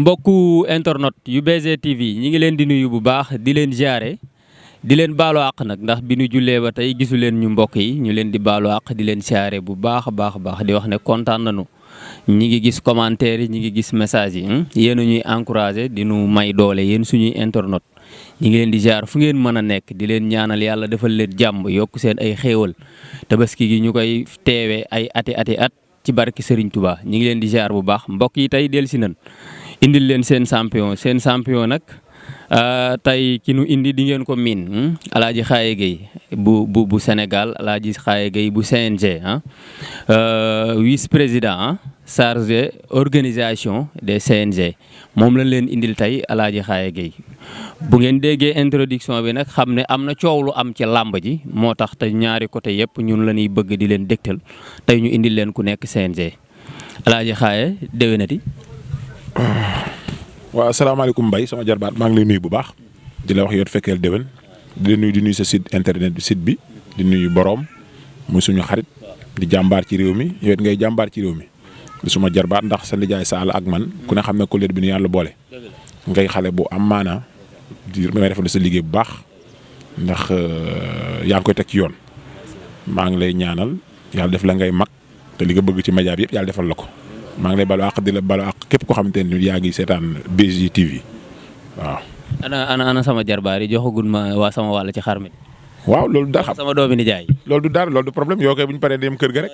mbokku internet UBZ TV ñi ngi leen di nuyu bu baax di leen ziare di leen baalo àq nag ndax bi nu jullee ba tey gisu leen ñu mbokk yi ñu leen di baalo àq di leen ziare bu baax a baax a baax di wax ne kontaan nañu ñi ngi gis commentaire yi ñu ngi gis message yi hmm? yéen a ñuy encouragé di nu may doole yéen suñuy internet ñi ngi leen di jaar fu ngeen mën a nekk di leen ñaanal yàlla defal leen jàmm yokk seen ay xéewal tabaski gi ñu koy teewee ay ati ati at ci barki Serigne Touba ñi ngi leen di jaar bu baax mbokk yi tey dellusi nañ indil leen seen champion seen champion nag euh, tey ki nu indi di ko miin hmm? Alaaji Xaaye Gueye bu bu Sénégal Alaaji Xaaye Gueye bu CNG ah euh, vice président ah, chargé organisation des CNG moom lañ leen indil tey Alaaji Xaaye Gueye bu ngeen déggee introduction bi nag xam ne am na coow lu am ci làmb ji moo tax te ñaari côté yëpp ñun la ñuy bëgg di leen dégtal tey ñu indil leen ku nekk CNG Alaaji Xaaye déwénati Ah. waaw asalaamaaleykum mbay sama jarbaat maa ngi lay nuyu bu baax di la wax yow fekkeel déwén di la nuyu di nuy sa site internet bi site bi di nuyu boroom muy suñu xarit di jàmbaar ci réew mi yow ngay jàmbaar ci réew mi di suma jarbaat ndax sa nijaay Saal ak man ku ne xam ne collègue bi nu yàlla boole ngay xale bu am maana di may defal sa liggéey bu baax ndax euh, yaa ngi koy teg ci yoon maa ngi lay ñaanal yàlla def la ngay mag te li nga bëgg ci média bi yëpp yàlla defal la ko. maa ngi lay balu di la balu àq képp ko xamante ne yaa ngi seetaan BG TV waaw. ana ana ana sama jarbaar yi joxagul ma waa sama wàll ci xar mi. waaw loolu dara xam sama doomi ni jaay. du dara loolu problème yoo koy bu ñu dem kër ga rek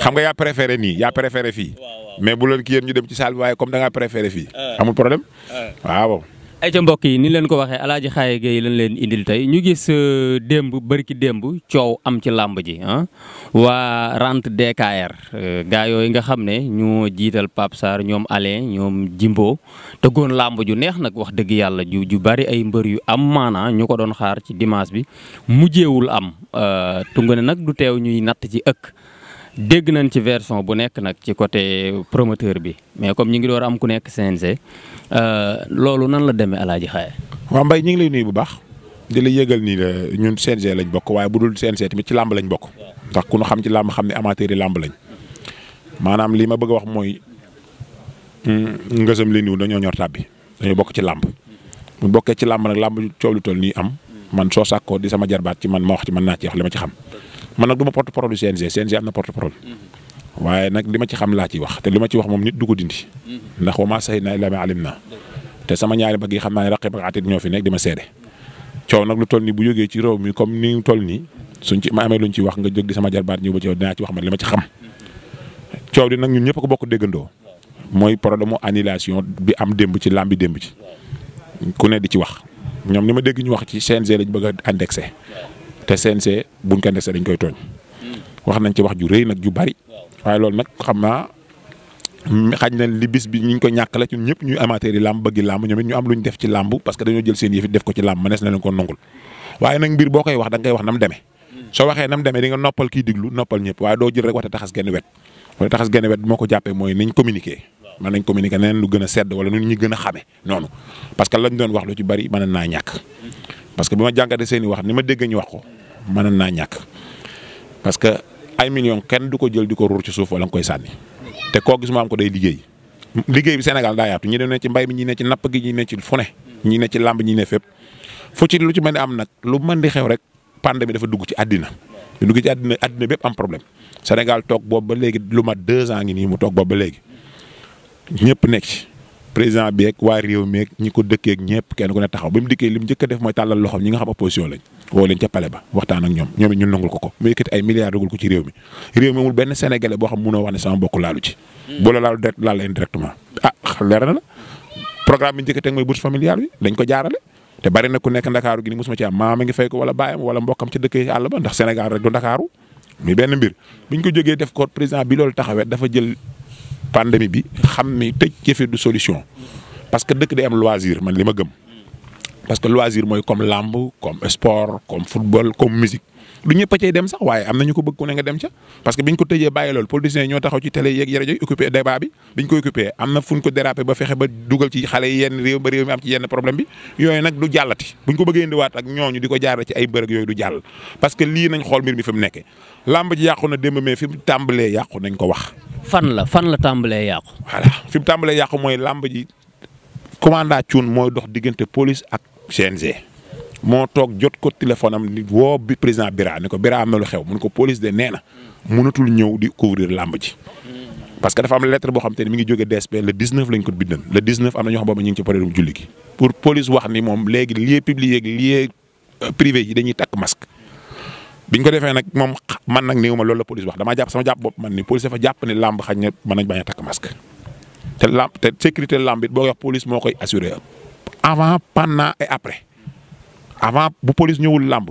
xam nga yaa préféré nii yaa préféré fii mais bu lool kii yéen ñu dem ci salle bi waaye comme da préféré fii euh. amul problème euh. waaw. ay ca mbokk yi ni leen ko waxee alaaji Xaaye Gueye lañ leen indil tey ñu gis euh, démb bërki démb coow am ci làmb ji ah waa rente DKR euh, gaa yooyu nga xam ne ñoo jiital Pape ñoom Alain ñoom Jimbo tëggoon làmb ju neex nag wax dëgg yàlla ju ju bari ay mbër yu am maanaa ñu ko doon xaar ci dimanche bi mujjeewul am euh, tunga ne nag du teew ñuy natt ci ëkk dégg nañ ci version bu nekk nag ci côté promoteur bi mais comme ñu ngi door am ku nekk CNG euh, loolu nan la demee Alaaji Xaye waaw mbay ñu ngi lay nuyu bu baax di la yëgal ni la ñun CNG lañ bokk waaye bu dul CNG tamit ci làmb lañ bokk ndax ku ñu xam ci làmb xam ne amateur yi làmb lañ maanaam lii ma bëgg a wax mooy mm, ngësam li niw dañoo ñor tàbbi dañoo bokk ci làmb bu bokkee ci làmb nag làmb coow lu toll nii am man soo sàkkoo di sama jarbaat ci man ma wax mën naa ci wax li ma ci xam man nag du ma porte parole du CNG CNG am na porte waaye nag li ma ci xam laa ci wax te li ma ci wax moom nit du ko dindi. ndax wa maa shahidnaa illaa bimaa alimnaa te sama ñaari bëgg gi xam naa ne raqib ak atiid ñoo fi nekk di ma seede. coow nag lu toll nii bu jógee ci réew mi comme ni mu toll nii suñ ci ma amee luñ ci wax nga jóg di sama jarbaat ñëw ba ci yow dinaa ci wax man li ma ci xam. coow di nag ñun ñëpp ko bokk déggandoo. mooy problème mu annulation bi am démb ci làmb bi démb ci. ku ne di ci wax ñoom ni ma dégg ñu wax ci CNG lañ bëgg a te seen buñ ko ndese dañ koy tooñ wax nañ ci wax ju rëy nag ju bari waaye loolu nag xam na li ñu ko ñàkk la ci ñu am lu ñu def ci làmb parce que dañoo jël seen yëfi def ko ci làmb mënees na leen ko nangul waxee demee di nga noppal kiy diglu noppal ñëpp waaye doo jël rek waxta taxas genn wet mooy niñ communiquer mën nañ communiquer neneen lu gën a sedd wala nu ñu gën a xame noonu parce que lañ doon wax lu ci bari mën naa ñàkk parce que bi ma jàngatee seen wax ni ma dégg ñu wax ko mën naa ñàkk parce que ay millions kenn du ko jël di ko ruur ci suuf wala nga koy sànni te koo gis mu am ko day liggéey liggéey bi Sénégal daa yaatu ñi ne ci mbay mi ñi ne ci napp gi ñi ne ci fu ne ñi ne ci ñi ne fépp fu ci lu ci mën am nag lu man di xew rek pandémie dafa dugg ci àddina dugg ci àddina àddina bépp am problème Sénégal toog boobu ba léegi lu mat deux ans ngi nii mu toog boobu léegi ñëpp nekk ci président bi ak waa réew mi ak ñi ko dëkkee ak ñëpp kenn ku ne taxaw ba mu dikkee li mu njëkk def mooy tàllal loxoom ñi nga xam opposition lañ ca pale ba waxtaan ñoom ñoom it ñun ko ko mu yëkkati ay milliards dugal ko ah leer la programme bi njëkk mooy bourse familiale bi dañ ko jaarale te bari ku nekk ndakaaru gi ni mosuma ci maama ngi fay ko wala baayam wala mbokkam ca dëkk àll ba ndax sénégal rek du ndakaaru mi benn mbir pandémie bi xam ni tëj jëfe du solution parce que dëkk day am loisir man li ma gëm parce que loisir mooy comme làmb comme sport comme football comme musique du ñëpp cay dem sax waaye am na ñu ko bëgg ku ne nga dem ca parce que biñ ko tëjee bàyyi loolu politiciens yi ñoo taxaw ci télé yeeg rajo yi occupé débat bi biñ ko occupé am na fuñ ko dérapé ba fexe ba dugal ci xale yenn réew ba réew mi am ci yenn problème bi yooyu nag du jàllati buñ làmb ji yàqu na démb mais fi mu tàmbalee yàqu nañ ko wax. fan la fan la tàmbalee yàqu. voilà fi mu tàmbalee yàqu mooy làmb ji commandant Thioune mooy dox diggante police ak CNG. moo toog jot ko téléphone am nit woo bi président Bira ne ko Bira am na lu xew mun ko police de nee na ñëw di couvrir làmb ji. parce que dafa am lettre boo xam te ne mi ngi jóge DSP le 19 lañ ko bindan le 19 am na ñoo xam boobu ñu ngi ci période julli gi. pour ni moom léegi lieu public yeeg lieu euh, privé yi dañuy takk masque. biñ ko defee nag moom man nag néew ma loolu la police wax damaa jàpp sama jàpp bopp man ni police dafa jàpp ni làmb xañ na mën nañ bañ a takk masque te làmb te sécurité làmb it boo ko wax police moo koy assuré avant pendant et après avant bu police ñëwul làmb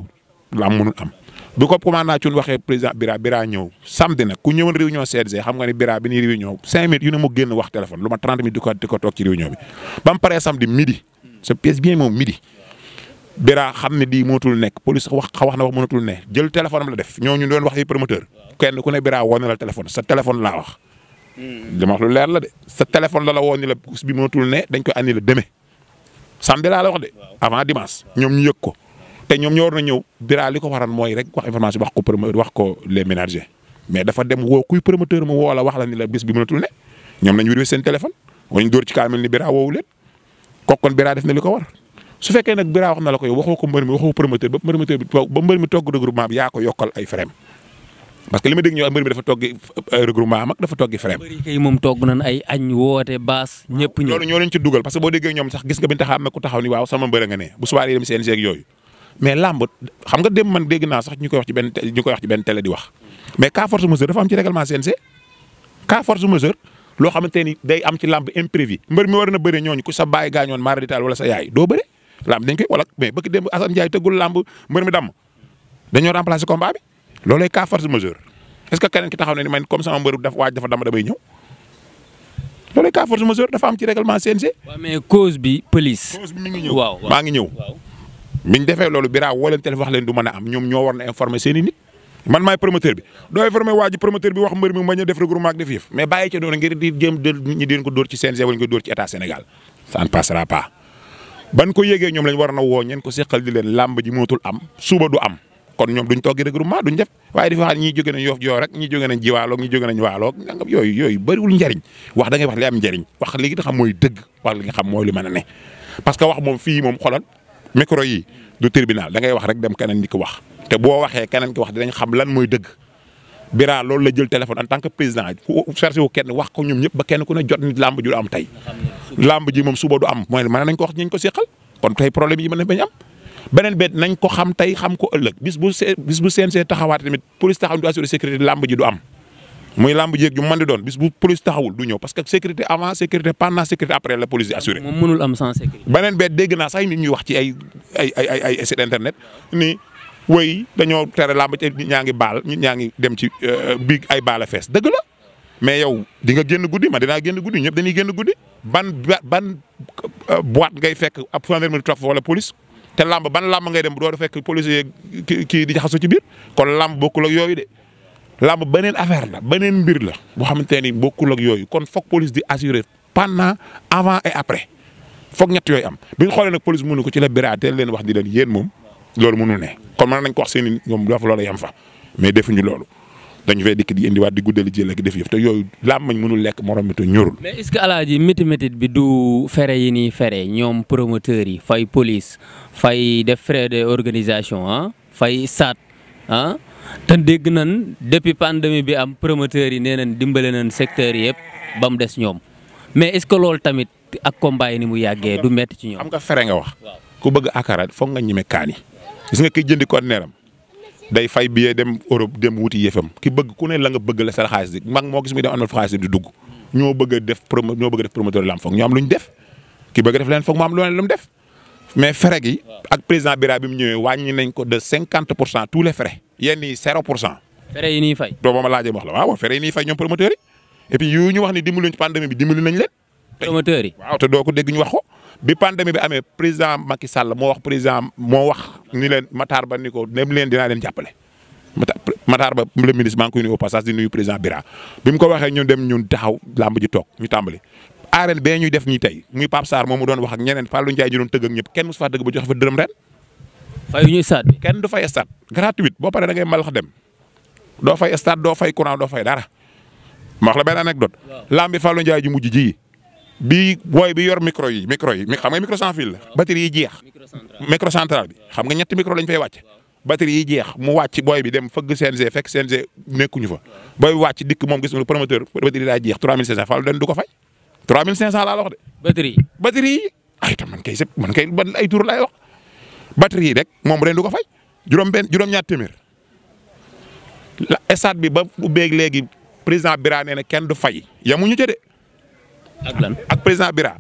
làmb mënul am. bu ko commandant Thioune waxee président Bira Bira ñëw samedi nag ku ñëwoon réunion CNG xam nga ni Bira bi ñuy réunion cinq minutes yu ne mu génn wax téléphone lu ma trente minutes di ko di ko toog ci réunion bi ba mu paree samedi midi. sa pièce bien moom midi. Bira xam ne di mënatul nekk police wax wax na wax mënatul ne jël téléphone am la def ñooñu doon wax yi promoteur kenn ku ne Bira woo na la wax. Hmm. leer la sa téléphone la la woo ni la course bi ne dañ koy annulé demee samedi laa la wax de avant dimanche ñoom ñu ko te ñoom ñoo na ñëw Bira li ko waral mooy rek wax information wax ko promoteur wax ko les ménagers mais dafa dem woo kuy promoteur mu woo la wax la ni la bés bi mënatul ne ñoom nañu wér seen téléphone wala ñu dóor ci kaamel ni Bira woowu leen kooku kon Bira def na li ko war. su fekkee nag Bira wax na la ko yow waxoo ko mbër mi waxoo promoteur ba promoteur bi ba mbër mi togg regroupement bi yaa ko yokkal ay frem parce que li dégg euh, ñoo ci dugal parce que boo déggee ñoom sax gis nga biñ taxaw am na ku taxaw ni waaw sama mbër nga ne bu subaa yi dem CNG ak yooyu mais làmb xam nga dem man dégg naa sax ñu koy wax ci benn télé di wax mais cas force majeure dafa am ci règlement CNG cas force majeure loo xamante ni day am ci làmb imprévu mbër mi war na bëre ñooñu ku laam dañ koy walak mais bëgg démb Assane Ndiaye tëggul lamb mbër mi damm dañoo remplacer combat bi loolay cas force majeure est ce que keneen ki taxaw ne ni man comme sama mbër dafa waaj dafa damm damay ñëw loolay cas force majeure dafa am ci règlement CNG. waaw police. maa ngi ñëw. biñ defee loolu Bira woo leen téléphone wax leen du mën a am ñoom ñoo war na informer seen man maay promoteur bi doo informer waa promoteur bi wax mbër mi ban ko yégee ñoom lañ war na woo ñeen ko seqal di leen làmb ji mootul am suba du am kon ñoom duñ toog regroupement duñ def waaye di wax ñii jóge nañ yoof joor rek ñi jóge nañ jiwaaloog ñii jóge nañ waaloog nangam yooyu yooyu bëriwul njariñ wax da wax li am njariñ wax li nga xam mooy dëgg wax li nga xam mooy li mën a ne parce que wax moom fii moom xolal micro yi du tribunal da ngay wax rek dem keneen di ko wax te boo waxee keneen ki wax dinañ xam lan mooy dëgg Bira loolu la jël téléphone en tant que président ku cherché wu kenn wax ko ñoom ñëpp ba kenn ku ne jot nit làmb ju am tey. làmb moom suba du am mooy mën nañ ko wax ñu ko seqal kon tey problème yi mën nañ bañ am. beneen bet nañ ko xam tey xam ko ëllëg bis bu see bis bu CNG taxawaat tamit police taxaw ñu ji du am. muy làmb mën di doon bis bu police du ñëw parce que sécurité avant sécurité pendant sécurité après la police di assuré. moom mënul am sans sécurité. beneen ñuy wax ci ay ay ay ay site internet woy dañoo tere làmb ci nit ñaa ngi baal nit ñaa ngi dem ci euh, biig ay baala fees dëgg la mais yow di nga génn guddi ma dinaa génn guddi ñëpp dañuy génn guddi ban ban euh, boîte ngay fekk ab gendarmerie toog wala police te làmb ban làmb ngay dem bu doo fekk police yeeg kii di jaxasoo ci biir kon lamb bokkul ak yooyu de lamb beneen affaire la beneen mbir la boo xamante ni bokkul ak yooyu kon foog police di assurer pendant avant et après foog ñett yooyu am bi ñu nag police ko ci la leen wax di leen yéen moom. loolu mënul ne kon mën nañ ko wax seen i ñoom dafa loolu yem fa mais defuñu loolu dañu fay dikk di indiwaat di guddali ji ak def yëf te yooyu laam mañ mënul lekk morom mi te ñorul. mais est-ce bi du fere yi nii fere ñoom promoteur yi fay police fay def frais de organisation ah, fay saat ah te dégg nan depuis pandémie bi am promoteurs yi nee nañ dimbale nañ secteurs yëpp ba mu des ñoom mais est-ce que loolu tamit ak combat ni mu yàggee du métti ci ñoom. am nga fere nga wax. ku bëgg akara foog nga ñeme kaani gis nga kiy jëndi conteneur am day fay billet dem Europe dem wuti yëfam ki bëgg ku ne la nga bëgg la sa xaalis bi mag moo gis muy dem amal xaalis a def promo ñoo bëgg a def promoteur lamb foog ñu am lu ñu def ki bëgg def leen foog mu am lu mu def mais frais gi ak président Bira bi mu ñëwee wàññi nañ ko de cinquante pour cent tous les frais yenn yi zéro pour cent. frais yi ñuy fay. doo ba ma laajee wax la waaw frais yi ñuy fay ñoom promoteurs yi et puis yu wax ni dimbali nañ bi dimbali nañ leen. promoteurs yi waaw te ñu wax ko bi pandémie bi amee président Macky Sall moo wax président moo wax ni leen Matar Ba ni ko nem leen dinaa leen jàppale. Matar Ba le ministre maa ngi koy nuyu au passage di nuyu président Bira bi mu ko waxee ñun dem ñun taxaw làmb toog ñu tàmbali. arène bee ñuy def nii tey muy Pape Sarr moom mu doon wax ak ñeneen Fallou Ndiaye ji doon tëgg ak ñëpp kenn mosu faa tëgg ba jox fa dërëm ren. fayu ñuy stade bi kenn du fay stade gratuite boo paree da ngay dem doo fay stade doo fay courant doo fay dara ma la benn anecdote. waaw làmb bi Fallou Ndiaye ji bi booy bi yor micro yi micro yi xam nga micro sans fil la batterie yi jeex. micro central bi xam nga ñetti micro lañ fay wàcc. batterie yi jeex mu wàcc booy bi dem fëgg CNG fekk CNG nekkuñu fa booy bi wàcc dikk moom gis nga promoteur batterie daa jeex 3500 faalu den du ko fay 3500 laa ay tam man kay rek moom ren du ko fay juróom benn juróom-ñaar téeméer la stade bi ba bu beeg léegi président Birane nee na kenn du fay yamuñu ca de. ak lan ak président Bira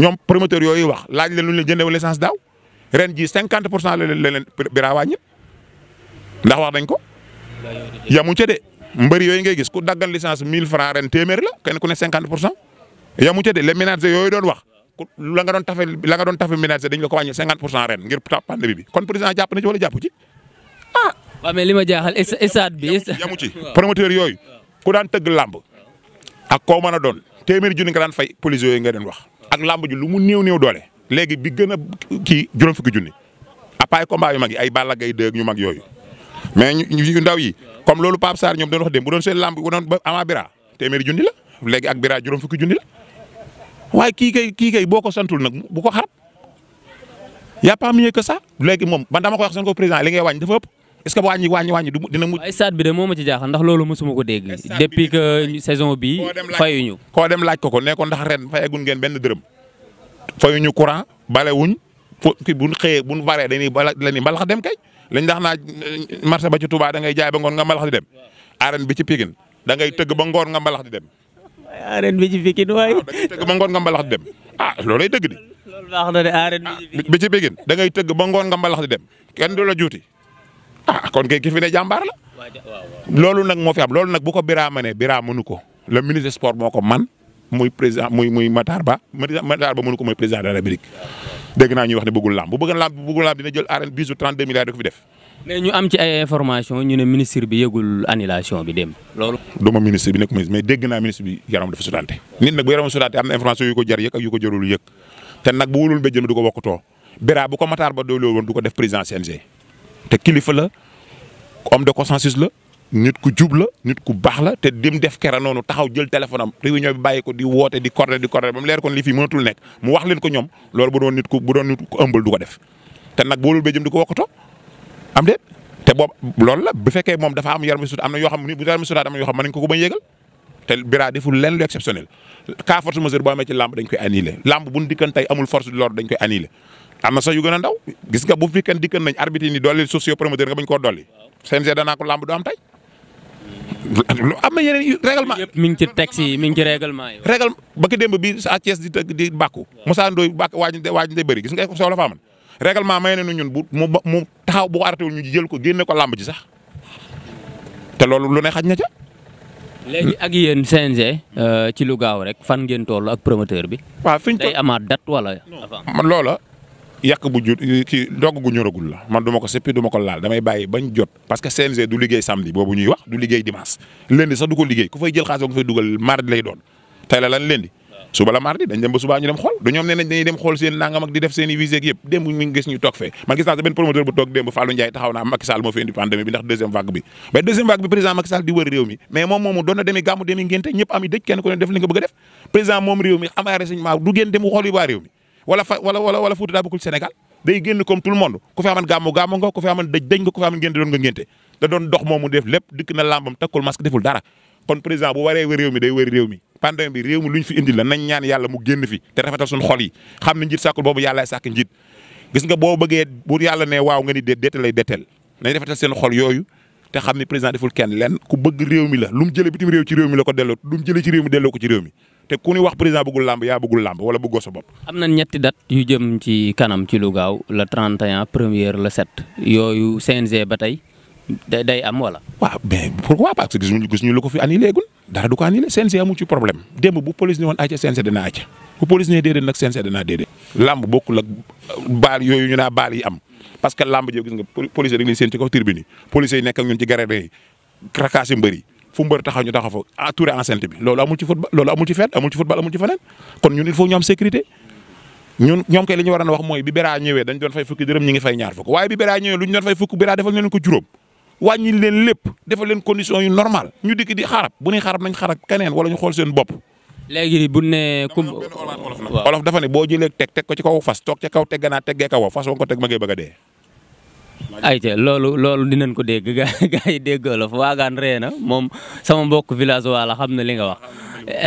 ñoom promoteur yooyu wax laaj leen lu ñu la jëndee woon licence daaw ren ji cinquante pour cent la leen la Bira wàññi ndax wax dañ ko. yamu ca de mbëri yooyu ngay gis ku daggan licence 1000 francs ren téeméer la kenn ku ne cinquante pour cent yamu ca de les ménages yooyu doon wax. la nga doon tafe la nga doon tafe ménage dañ la ko wàññi cinquante pour cent ren ngir pandémie bi kon président jàpp na ci wala ah. waaw mais li ma jaaxal stade bi. yamu ci promoteur yooyu ku daan tëgg làmb ak koo mën a doon téeméeri junni nga daan fay police yooyu nga doon wax. ak làmb ji lu mu néew néew doole. léegi bi gën a kii juróom fukki junni apaay combat yu mag yi ay Balla Gaye dëgg ñu mag yooyu mais ñu ndaw yi comme loolu Pape Sarr ñoom doon wax dem bu doon seen làmb bu doon ba ama bira téeméeri junni la léegi ak bira juróom fukki junni la waaye kii kay kii kay boo ko santul nag bu ko xarab y a pas mieux que ça moom man dama ko wax seen ko président li ngay wàññi dafa ëpp est-ce que wàññi wàññi du dina mujj. stade bi de moo ma ci jaaxal ndax loolu mosuma ko dégg. depuis que saison bi fayuñu. koo dem laaj ko ko ne ko ndax ren fayagun ngeen benn dërëm fayuñu courant balewuñ fo kii bu ñu xëyee bu ñu baree dañuy bala la ni mbalax dem kay lañ ndax naa euh, marché ba ci Touba da ngay jaay ba ngoon nga mbalax di dem. arène bi ci Pikine da ngay tëgg ba ngoon nga mbalax di dem. a bi ci Pikine waaye. Ah, da ngay tëgg di dem ah loolay loolu baax na de arène bi ci Pikine. Ah, bi ci Pikine ngay tëgg ba ngoon nga mbalax di dem kenn du la juuti ah kon kay ki fi ne jàmbaar la. loolu nag moo fi am loolu nag bu ko Birama ne Birama mënu ko le ministre sport moo ko man muy président muy muy Ba Matar Ba mënu ko mooy président de la République dégg naa ñuy wax ne bëggul làmb bu bëgg làmb bu bëggul làmb dina jël arène bisu 32 milliards da ko fi def. mais ñu am ci information ñu ne ministre bi yëgul annulation bi dem du ma ministre bi nekk ministre mais dégg naa ministre bi yaram dafa sutante nit nag bu yaram na information yu ko ko jarul yëg te nag bu wulul mbéjjën bi du ko wokkutoo Bira te kilifa la homme de consensus la nit ku jub la nit ku baax la te dim def kera noonu taxaw jël téléphone am réunion bi bàyyi ko di woote di cordé di cordé ba mu leer kon li fii mënatul nekk mu wax leen ko ñoom loolu bu doon nit ku bu doon du ko def te nag boolul bee jëm di ko wokkato am déet te boobu loolu la bu fekkee moom dafa am yaram sut am na yoo xam ni bu yaram sutaat am na yoo xam mën nañ ko ko bañ yégal te Bira deful lenn lu exceptionnel cas force majeure boo amee ci lamb dañ koy amul force de dañ koy annulé am na sax yu gën a ndaw gis nga bu fi kenn dikkan nañ arbitre ni dolli socio promoteur nga bañ koo dolli CNG danaa ko làmb du am tey lu am na yeneen règlement yëpp mi ngi ci texte yi mi ngi ci règlement yi. règlement ba ki démb bi sa Thiès di tëgg di bàkku. Moussa Ndoye bàkk waaj waaj day bëri gis nga soxla faa man règlement may nañu ñun bu mu mu taxaw bu ko arrêté wul ñu jël ko génne ko làmb ji sax te loolu lu ne xaj na ca. léegi ak yéen CNG euh, ci lu gaaw rek fan ngeen toll ak promoteur bi. waaw fi ñu toll amaat date wala. avant yàq bu jur kii ndogg gu ñoragul la man du ma ko seppi du ma ko laal damay bàyyi bañ jot parce que CNG du liggéey samedi boobu ñuy wax du liggéey dimanche lundi sax du ko liggéey ku fay jël xaalis ba du ñoom nee nañ dem i visée demi gàmmu demi ngénte am i dëj kenn ku def li nga def président moom réew mi am ay renseignement du génn dem xool yi waa réew mi wala fa wala wala wala Fouta daa bokkul Sénégal day génn comme tout le monde fi amoon gàmmu gàmmu nga ku fi amoon dëj dëj nga ku fi amoon ngénte doon nga ngénte da doon dox moomu def lépp dikk na làmbam takkul masque deful dara kon président bu waree wër réew mi day wër réew mi pandémie bi réew mi lu ñu fi indi la nañ ñaan yàlla mu génn fi te rafetal suñu xol yi xam ne njiit sàkkul boobu yàllaay sàkk njiit gis nga boo bëggee bu yàlla ne nga ni déet déet lay déetel nañ rafetal seen xol yooyu te xam ne président kenn lenn ku bëgg réew mi la lu mu jëlee bitim réew ci réew mi la ko delloo lu mu jëlee ci réew mi delloo te ku ñu wax président bëggul làmb yaa bëggul làmb wala bëggoo sa bopp. am na ñetti date yu jëm ci kanam ci lugaaw gaaw le 31 première la 7 yooyu CNG ba tey day day am wala. waaw mais pourquoi parce lu ko fi annulé gul dara du ko annulé ci problème démb bu police ne woon àcc CNG dina àcc bu police ne déedéet nag CNG yooyu ñu naa baal yi am parce que làmb jëw gis nga police dañu leen seen ci kaw tribune yi police yi nekk ak ñun ci yi fu mbër taxaw ñu taxaw fa entouré ah, enceinte bi loolu amul ci football loolu amul ci fête amul ci football amul ci feneen kon ñun il faut ñu sécurité ñun ñoom kay li ñu wax mooy bi Bera ñëwee dañ doon fay fukki dërëm ñi ngi fay ñaar fukk waaye bi Bera ñëwee lu ñu doon fay fukk Bera defal ñu leen ko juróom wàññi leen lépp defal leen condition yu normal ñu dikk di xarab bu ñuy xarab nañ xarab keneen wala ñu xool seen bopp léegi bu ne kum olof dafa ne boo ko ci kaw fas toog ca kaw tegganaat teggee kaw fas wa ko teg ma ngay bëgg a ayca loolu loolu dinañ ko dégg gaa gaa yi dégg la fa waagaan na moom sama mbokk village wala xam na li nga wax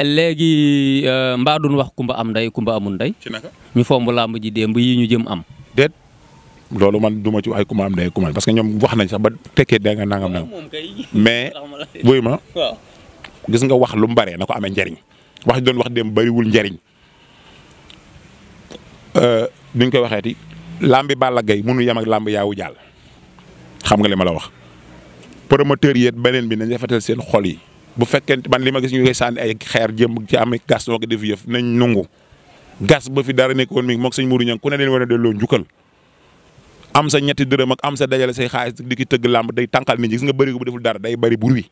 léegi euh, mbaa duñ wax kumba am ndey kumba amul ndey ñu fomb làmb ji démb yi ñu jëm am déet loolu man duma ci ay kumba am ndey kumba parce que ñoom wax nañ sax ba tekkee da nga nangam nangam mais buy ma gis nga wax lu mu bare na ko amee njariñ wax doon wax démb bariwul njariñ duñ euh, koy waxeeti làmbi baal Gaye mënu yem ak làmb yaawu jàll xam nga li ma la wax promoteur yi beneen bi nañ defatal seen xol yi bu fekkee ban li ma gis ñu koy sànni ay xeer jëm ci am gas noo ko def yëf nañ nungu gas ba fi dara nekkoon mi moog sëñ Mourou Niang ku ne leen war a delloo njukkal am sa ñetti dërëm ak am sa dajale say xaalis di ki tëgg làmb day tànqal nit ñi gis nga bëri ko bu deful dara day bëri bur wi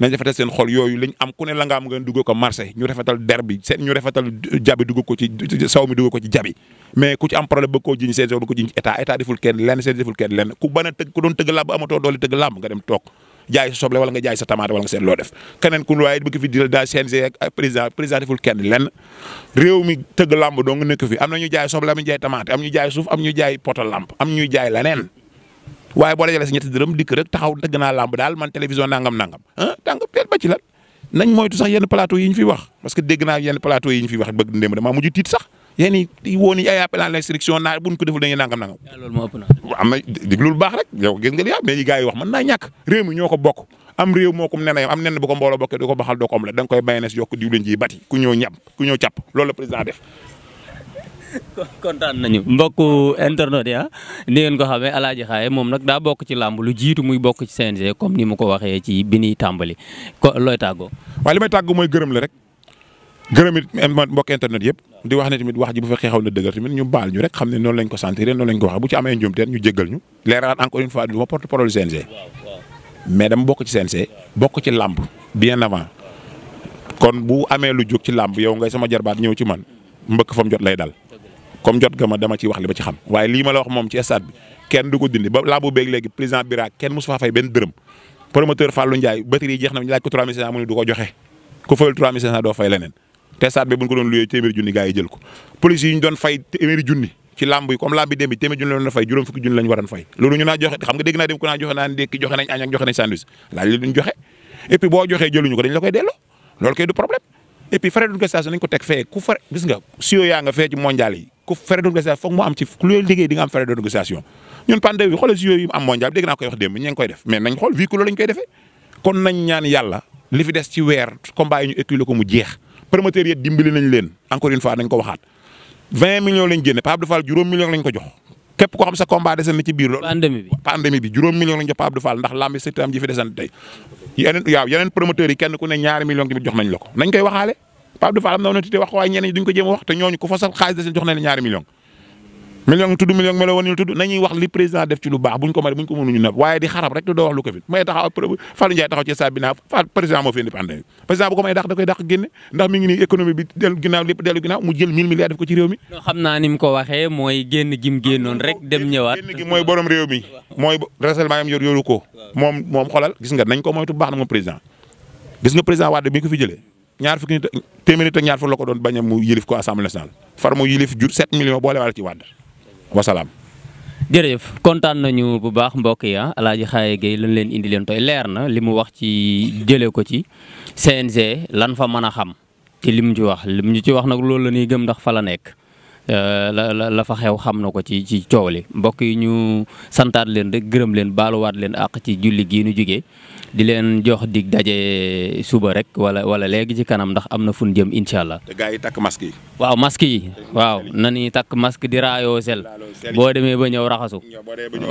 nañ rafetal seen xol yooyu lañ am ku ne la nga am ngeen dugg ko marché ñu rafetal der seen ñu rafetal jabi dugg ko ci saw mi dugg ko ci jabi mais ku ci am problème ba koo ko jiñ état état deful kenn lenn seen deful kenn lenn ku bana tëgg ku doon tëgg làmb amatoo doole tëgg làmb nga dem toog jaay sa soble wala nga président deful kenn lenn réew mi tëgg làmb dong nekk fi am na ñu jaay soble am ñu jaay tamaate am am ñu jaay poto làmb waaye boo dajale si ñetti dërëm dikk rek taxaw dëgg naa làmb daal man télévision nangam nangam ah tànga peet lan nañ moytu sax yenn plateau yi fi wax parce que na naa yenn plateau yi fi wax bëgg ndéem damaa mujj tiit sax yéen i woon yi ay appel à l'instruction naa buñ ko nangam nangam. loolu baax rek yow gis nga li mais yi wax mën naa ñàkk réew ñoo ko bokk am réew moo ko nenayam am nen bu ko mbooloo bokkee baxal doo la da kontaan nañu mbokku internet ya ni ngeen ko xamee Alaaji Xaaye moom nag daa bokk ci làmb lu jiitu muy bokk ci CNG comme ni mu ko waxee ci bi ñuy tàmbali ko looy tàggoo. waaye li may tàgg mooy gërëm la rek gërëm it mbokk yëpp di wax ne tamit wax ji bu fekkee xaw na dëgër tamit ñu baal ne noonu lañ ko sentir noonu lañ ko waxee bu ci amee ñu jéggal ñu leeralaat encore une fois porte parole CNG mais dama bokk ci CNG bokk ci làmb bien avant kon bu amee lu jóg ci làmb yow ngay sama jarbaat ñëw ci man mbëkk fam jot lay dal comme jot ga ma dama ciy wax li ma ci xam waaye lii ma la wax moom ci stade bi kenn du dindi ba beeg léegi président Bira kenn mosu faa fay benn dërëm promoteur Fallou Ndiaye batterie yi jeex na mu ne du ko joxe ku fay leneen te fay téeméeri junni ci làmb yi comme làmb yi junni la doon fay juróom fukki junni lañu waroon fay loolu ñu naa joxe xam nga dégg naa dem ku naa joxe naa ndékki joxe nañ añ sandwich laaj li duñ joxe et boo joxee jëluñu et puis frais d'organisation nañ ko teg fee ku fare gis nga yaa nga fee ci mondial yi ku frais d'organisation foog mu am ci ku looy liggéey di nga am frais d'organisation ñun pandémie bi xoolal sio yi am mondial bi dégg naa koy wax démb ñu ngi koy def mais nañ xool véhicule lañ koy defee kon nañ ñaan yàlla li fi des ci weer combat yi ñu ko mu jeex promoteur yi dimbali nañ leen encore une fois nañ ko waxaat 20 millions lañ génne Pape Abdou juróom millions lañ ko jox képp ko xam sa combat desen na ci biir loolu. pandémie bi pandémie bi juróom million lañ jox ndax lamb secteur am ji tey yeneen yeneen promoteurs yi kenn ku ne ñaari million tamit jox nañ la nañ koy waxaale Pape Abdou Fall am na woon na tuuti wax ko waaye ñeneen ñi a wax te ñooñu ku fasal xaalis desen ñaari million million tudd million melo woon ñu tudd nañuy wax li président def ci lu baax buñ ko mari buñ waaye di xarab rek te doo wax lu ko fi may taxaw Fallou mu jël moom moom xolal gis nga ko moytu bu baax na ko fi jëlee ñaar a mu jur 7 millions boole wàll ci Wade wasalaam. jërëjëf kontaan nañu bu baax mbokk yi ah, El Hadj Khaye Gueye lañ leen indi leen tey leer na li mu wax ci jëlee ko ci CNG lan fa mën a xam te li mu ci wax li mu ci wax nag loolu la ñuy gëm ndax fa la nekk. Euh, la la fa xew xam na ko ci ci coow li mbokk yi ñu santaat leen rek gërëm leen baaluwaat leen àq ci julli gii nu jugee. di leen jox dig daje suba rek wala wala léegi ci kanam ndax am na fun jëm incha allah. te gars yi takk masque waaw masque yi. waaw na ñuy takk masque di raayoo sel. boo demee ba ñëw raxasu.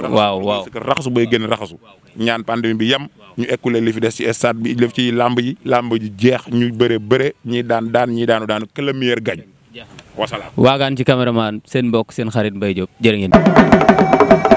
waaw waaw raxasu bay génn raxasu. ñaan pandémie bi yem. ñu écoulé li fi des ci stade bi li ci làmb yi. làmb ji jeex ñu bëre bëre ñi daan daan ñi daanu daanu que le meilleur gagne. wasalaam waagaan ci caméraman seen mbokk seen xarit Mbaye Diop jërë ngeen